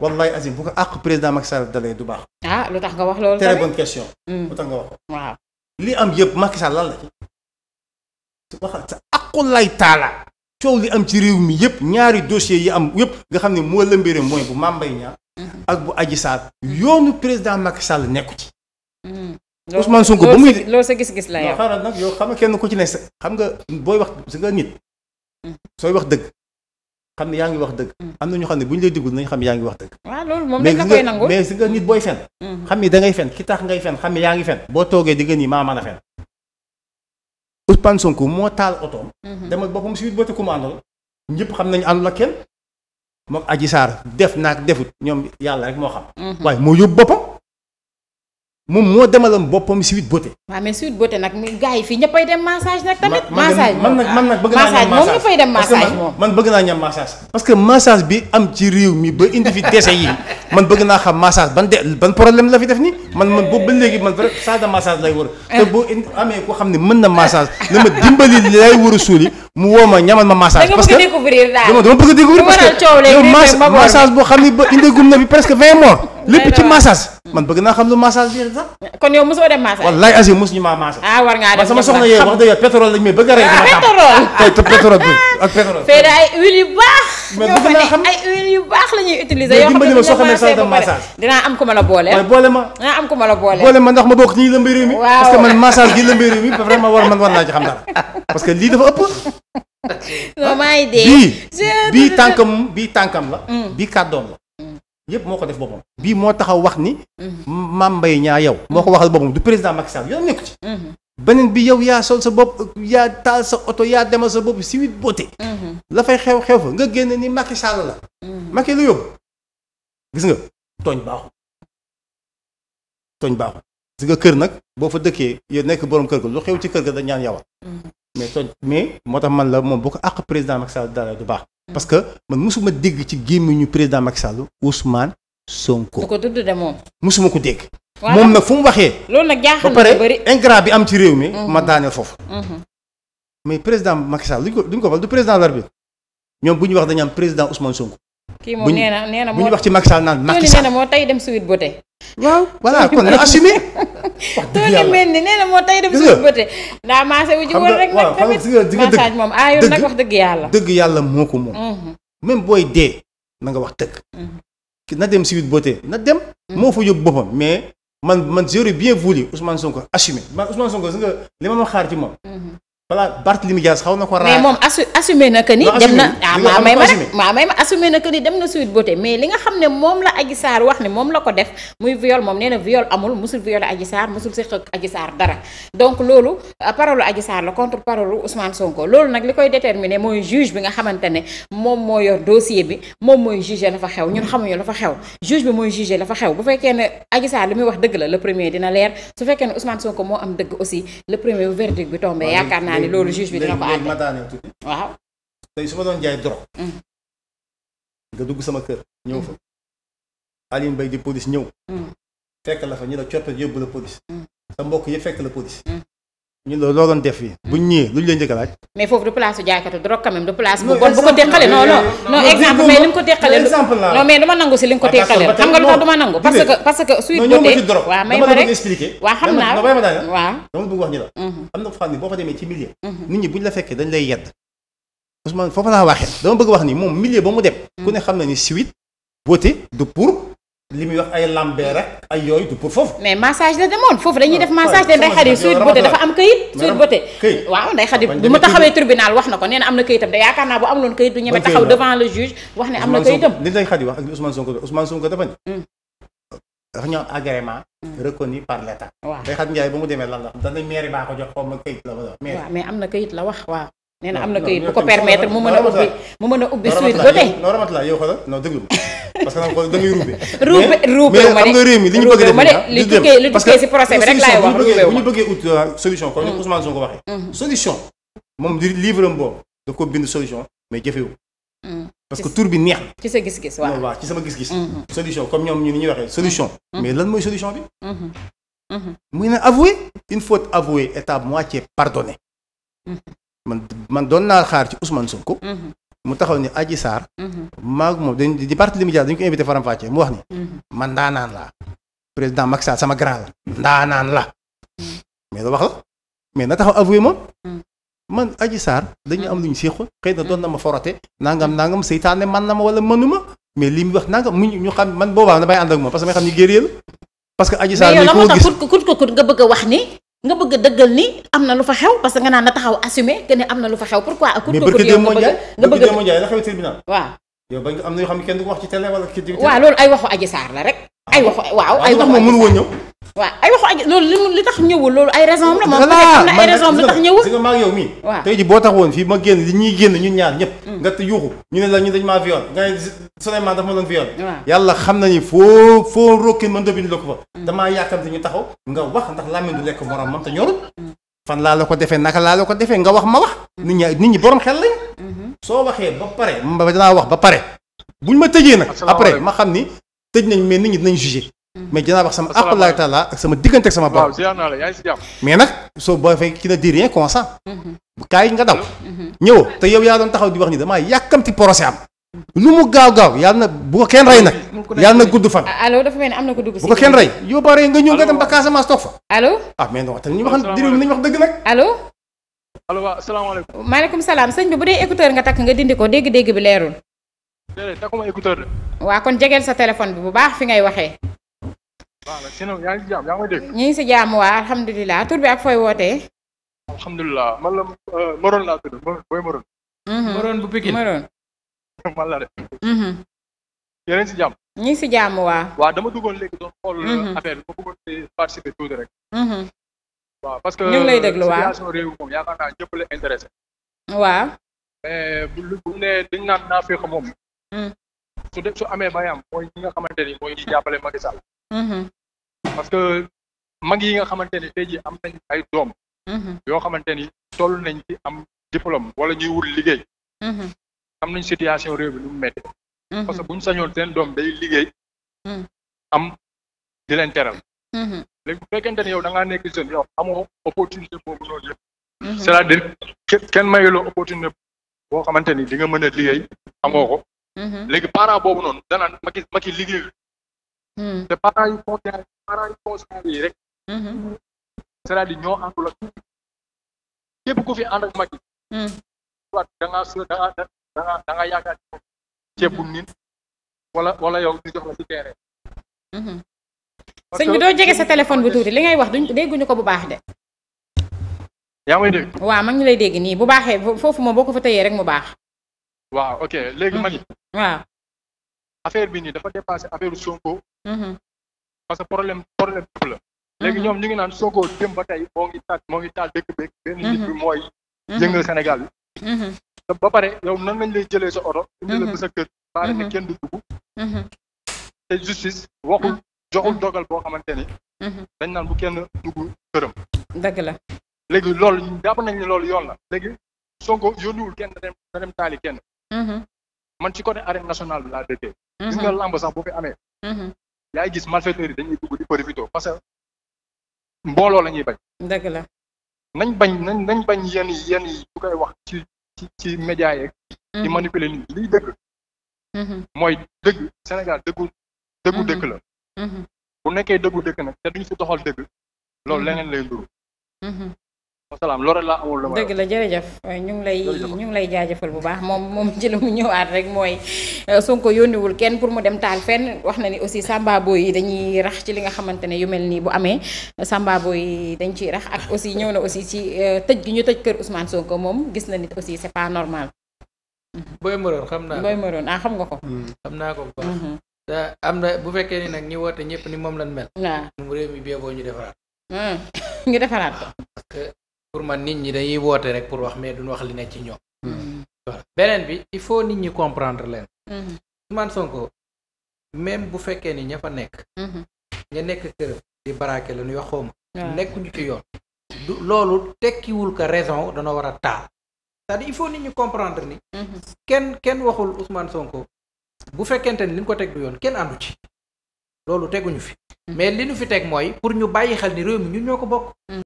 wallaay Azim bu ko àq président Macky Sall dalee du baax. ah lu tax nga wax loolu. très bonne question. Hmm. lu tax nga wax. li am yëpp Macky Sall lan la ci. waxal sa taala coow li am ci réew mi yëpp ñaari dossier yi am yëpp nga xam ne moo lëmbëre mooy bu Mame Mbaye Niang hmm. ak bu Adji Sarr yoonu président Macky Sall nekku ci. Hmm. Ousmane Sonko ba muy loolu sa gis-gis la yow. nag yoo xam nga kenn ku ci ne sa xam nga booy wax si nga nit. sooy wax dëgg. xam ne yaa ngi wax dëgg am na ñoo xam ne bu ñu lay déglu nañ xam yaa ngi wax dëgg mais si nga nit booy fen mm-hmm. xam ne da ngay fen ki tax ngay fen xam ne yaa ngi fen boo toogee di nga nii maa mën a fen Ousmane Sonko moo taal otoom mm-hmm. demal boppam si wit bati commandol ñëpp xam nañu àndul la kenn moom Adji Sarr def naak defut ñoom yàlla rek moo xam mm-hmm. waaye moo yóbbu boppam moom moo demalam boppam Sweet Beauté. waaw mais Sweet Beauté nag gars yi fii ñëppay dem massage nag tamit. massage man nag man massage moom ñëppay dem massage moom. man bëgg naa ñam massage. parce que massage bi am ci réew ba indi fi dese yi naa xam massage ban de ban problème la fi def nii man man boobu ba léegi man vrai salle de massage lay wër. te boo indi amee koo xam ne mën na massage na ma dimbali lay wër a suuli mu woo ma ñamal ma massage. parce dama bëgg découvrir parce que massage boo xam ne ba indi gum na bi presque vingt morts lépp ci massage Mm. man bëgg naa xam lu massage biir sax. kon yow mosoo dem massage. wallaay asi mos ñu maa massage. ah war ngaa dem sama a rey. Ah, xam ay la ñuy utiliser. yoo xam ne soo xamee sax de massage. dinaa am ku ma la boole. boole ma. dinaa am ku la boole. boole ma ndax ma bokk ci ñi lëmb réew mi. waaw parce que man massage que lii dafa ëpp. non maa ngi bii bii tànkam bii tànkam la. Mm. bii kàddoom la yëpp moo ko def boppam. bii moo taxaw wax ni. Mhm. maam mbay Niang yow. moo ko waxal boppam du président Macky Sall yow nekku ci. Mhm. beneen bi yow yaa sol sa bopp yaa taal sa oto yaa demal sa bopp si wit boote. Mhm. la fay xew xew fa nga génn ni Macky Sall la. Macky la yóbbu. gis nga tooñ baaxul. tooñ baaxul gis nga kër nag boo fa dëkkee yow nekk borom kër ga lu xew ci kër ga da ñaan yawal mais tooñ mais moo tax man la moom bu ko àq président Macky Sall dara du parce que man mosuma dégg ci gémmiñu président Macky Sall Sonko. du ko tudd de moom. mosuma ko dégg. moom nag fu mu waxee. loolu nag jaaxal na bëri ba pare ingrat bi am ci réew mi. Mhm. ma daaneel foofu. Mhm. mais président Macky Sall duñ ko duñ ko fal du président de la République ñoom bu ñu wax dañu am président Ousmane Sonko. kii moom nee na moo tey dem suite ba tey. waaw voilà kon na tuuti mel ni nee na moo tey dem suñu bëte daa maase wu ci woon rek nag tamit massage moom ah yow nag wax dëgg yàlla dëgg yàlla moo ko moom mhm. même booy dee na nga wax dëgg mhm. na dem si biir bëte na dem mhm. moo fa yóbbu boppam mais man man j'aurais bien voulu Ousmane Sonko assumer man Ousmane Sonko si nga li ma ma xaar ci moom voilà Barthélemy Dias xaw na ko. mais moom assu ah, na que ni. dem na ah maa may ma na que mais li nga xam ne moom la Adji wax ne moom la ko def muy viol moom nee na viol amul musul violé Adji Sarr musul séq ak Adji Sarr dara donc loolu euh, parole Adji la contre parole Ousmane Sonko loolu nag li koy déterminer mooy juge bi nga xamante ne moom moo yor dossier bi moom mooy jugé la fa xew ñun xamuñu la fa xew juge bi mooy jugé la fa xew bu fekkee ne Adji Sarr li muy wax dëgg le premier dina leer su fekkee ne Ousmane Sonko moo am dëgg aussi yaakaar naa ni loolu juge bi dina ko àtte mataane tuuti tey su ma doon jaay drogue mm. nga dugg sama kër ñëw fa Alioune Mbaye di police ñëw mm. fekk la fa ñu la coppet yóbbu la police mm. sa mbokk yëpp fekk la police ñu loo loo def fii. Hmm. buñ ñëwee luñ leen njëkk a laaj. mais foofu du place jaaykatu drogue quand du place. bu bon bu ko teqale non non. non exemple mais li nga ko teqale. exemple dama nangu si li nga ko ah, teqale. xam nga lu tax duma nangu. parce que parce que suy dotee waaw wax ñu la. Mhm. na boo fa demee ci milieu. Mhm. nit ñi la fekkee dañ lay yedd. foofu laa waxee dama bëgg wax ni moom milieu ba mu dem. ku mhm. na ni suite beauté du pour li muy wax ay lambee rek ay yooyu du pour foofu. mais massage la demoon foofu dañuy def massage te nday xadi suite beauté dafa am kayit. suite beauté wax na ko nee na am na kayitam de yaakaar naa bu amuloon kayit du ñeme taxaw devant le juge wax wax ak li Ousmane Sonko Ousmane dafa demee la dañ ne mairie baa ko jox xaw ma la wala. am na kayit la wax waaw. nee na am na kayit bu ko permettre mu mën a ubbi mu mën a ubbi suite beauté. parce que da ngay ruube. ruube mais xam nga réew mi li ñu bëgg a ma li tukkee li tukkee si procès bi rek laay wax ruube bu ñu bëggee ut euh, solution comme ni mm. Ousmane Sonko waxee. Mm. solution moom di livre am boobu ko bind solution mais jëfewu mm. parce que tour bi neex ci sa gis-gis waaw waaw ci sama gis-gis. Mm-hmm. solution comme ñoom ñu ni ñuy waxee solution. mais lan mooy solution bi. Mm-hmm. Mm-hmm. muy na avouer il faut avouer état moitié pardonné. man man doon naa xaar ci Ousmane Sonko. mu taxaw ni Adji Sarr. Mhm. maag moom dañ di parti li mu jaar dañ ko invité faram fàccee mu wax ni. Mhm. man ndaanaan laa président Macky Sall sama grand la ndaanaan la mhm. mais la wax la mais na taxaw avoué moom. man Adji Sarr dañu am lu ñu séq xëy na doon na ma forote nangam nangam seytaane man na ma wala mënuma mais li mu wax nangam mu ñu xam man boobaa damay ànd ak moom parce que may xam ni guerrier la parce que Adji Sarr mais yow tax kut kut kut nga bëgg a wax ni nga bëgg dëggal ni am na lu fa xew parce que nga naan na taxaw assumer que ne am na lu fa xew pourquoi. ak ku tëggu yow nga bëgg nga bëgg a mais la xew tribunal. waaw yow bañ am na yoo xam ne kenn du wax ci télé wala ci. waaw loolu ay waxu Adji Sarr la rek. ay waxu waaw ay waxu moom mënu woon ñëw waaw ay waxu aj loolu li tax ñëwul loolu ay raison la moom am na ay raison li tax ñëwul si nga maa yow mii waaw ji boo tax woon fii ma génn li ñuy génn ñun ñaar ñëpp mm. nga yuuxu ñu ne la ñu dañ maa viol nga ne Souleymane dafa ma doon viol yàlla xam na ni foo foo rokkin mën dobiñ la ko fa mm. damaa yàkkamte ñu taxaw nga wax ndax làmmiñ du lekk morom mam te ñorul mm. fan laa la ko defee naka laa la ko defee nga wax ma wax nit ñi nit ñi borom xel lañ mm-hmm. soo waxee ba pare danaa wax ba pare buñ ma tëjee nag après ma xam ni tëj nañ mais nit ñi dinañ jugé Mm-hmm. mais dinaa wax sama aqulaay taala ak sama diggante ak sama bopp mais nag soo boo fay ki na di rien consent mm-hmm. bu nga daw mm-hmm. ñëwoo te yow yaa doon taxaw di wax ni damaa yàkkamti procès am lu mu gaaw gaaw yàlla na bu ko kenn rey nag yàlla na gudd fan allo dafa ni am na ko dugg si bu ko kenn rey yow bare nga ñëw nga dem ba Casamance toog fa allo ah mais non te ñu wax diriw nañu wax dëgg nag allo allo waaw salaamaaleykum maaleykum salaam sëñ bi bu dee écouteur nga takk nga dindi ko dégg-dégg bi leerul déedéet takkuma écouteur waa kon jegeel sa téléphone bi bu baax fi ngay waxee ñu ngi si jàmm waa alhamdulilah tur bi ak fooy wootee. alhamdulilah man la euh, Morone laa tudd booy Morone. Morone mm-hmm. bu Pikine Morone. man la de. Mm-hmm. yéen si jàmm. ñu ngi si jàmm waa. waaw dama duggoon léegi doon xool euh, mm-hmm. affaire bi ma bëggoon di participer waaw parce que ñu ngi lay déglu waaw situation réew moom yaakaar naa ñëpp la intéressé. waaw. mais bu bu nee dañ naan naa féex moom. Mm. su amee ba yam mooy ñi nga xamante ni mooy ñi jàppale Macky parce que mag yi nga xamante ni tey jii am nañ ay doom. Mm-hmm. yoo xamante ni toll nañ ci am diplôme wala ñuy wut liggéey. Mm-hmm. am nañ situation réew bi nu mu mm-hmm. parce que buñ sañoon seen doom day liggéey. am di leen teral. léegi bu fekkente ne yow da ngaa nekk jeune amoo opportunité boobu noonu yëpp. c'est-à-dire kenn mayuloo opportunité boo xamante ni di nga mën a liggéey amoo ko. léegi parent boobu noonu danaan ma ki ma ki Hmm. te parents rek cest hmm. à ku fi ànd ak hmm. da ngaa s da yow ñu bi doo jege sa téléphone bu tuuti li ngay wax duñ dégguñu ko bu baax de yaa may dégg waaw ma ngi lay dégg nii bu baaxee foofu moom boo ko fa tëyee rek mu baax waaw ok léegi ma waaw affaire bi nii dafa dépassé affaire Sonko Mm-hmm. parce que problème problème bépp la. léegi mm-hmm. ñoom ñu ngi naan Sonko dem ba tey moo ngi taal moo ngi taal dëkk beeg. benn nit mm-hmm. mooy yëngal Sénégal bi. ba pare yow nan lañ lay jëlee sa oto. indi sa kër. baare ne kenn du dugg. te waxul joxul dogal boo xamante ni. dañ naan bu kenn dugg këram. dëgg la léegi loolu jàpp nañ ne loolu yoon la léegi Sonko yónniwul kenn da dem kenn. man ci côté arène national bi laa dëkkee. gis nga làmb sax bu fi amee. yaay gis malfaiteurs yi dañuy dugg di profité parce que mbooloo la ñuy bañ. dëgg la nañ bañ nañ nañ bañ yenn yenn yi bu koy wax ci ci ci média yeeg. di mhm. manipuler nit ñi liy dëgg. Mhm. mooy dëgg Sénégal dëggu dëggu dëkk la. Mhm. bu nekkee dëggu dëkk nag te duñ fi doxal dëgg loolu leneen lay nduru wasalaam loolu la amul lu dëgg la jërëjëf ñu ngi lay ñu ngi lay jaajëfal bu baax moom moom ci la mu ñëwaat rek mooy euh, Sonko yónniwul kenn pour mu dem taal fenn wax na ni aussi sambabo yi dañuy rax ci li nga xamante ne yu mel nii bu amee sambabo yi dañ ciy rax ak aussi ñëw na aussi ci euh, tëj gi ñu tëj kër Ousmane Sonko moom gis na nit aussi c'est pas normal. booy moroon xam naa booy moroon ah xam nga ko. Hmm. xam naa ko bu baax. Mm-hmm. am na bu fekkee ni nag ñi woote ñëpp ni moom lañ mel. waaw mu réew pour man nit ñi dañuy woote rek pour wax mais duñ wax li ne ci ñoom. Mm-hmm. beneen bi il faut nit ñi comprendre leen. Mm-hmm. Ousmane Sonko même bu fekkee ni ña fa nekk. Mm-hmm. ña nekk këram di baraake la ñuy wax xaw ma. nekkuñu ci yoon. du loolu tekkiwul ko raison dana war a taal. cest à il faut nit ñi comprendre ni. kenn kenn waxul Ousmane Sonko bu fekkente ni li ñu ko teg du yoon kenn àndu ci loolu teguñu fi. mais li ñu fi teg mooy pour ñu bàyyi xel ni réew mi ñun ñoo ko bokk.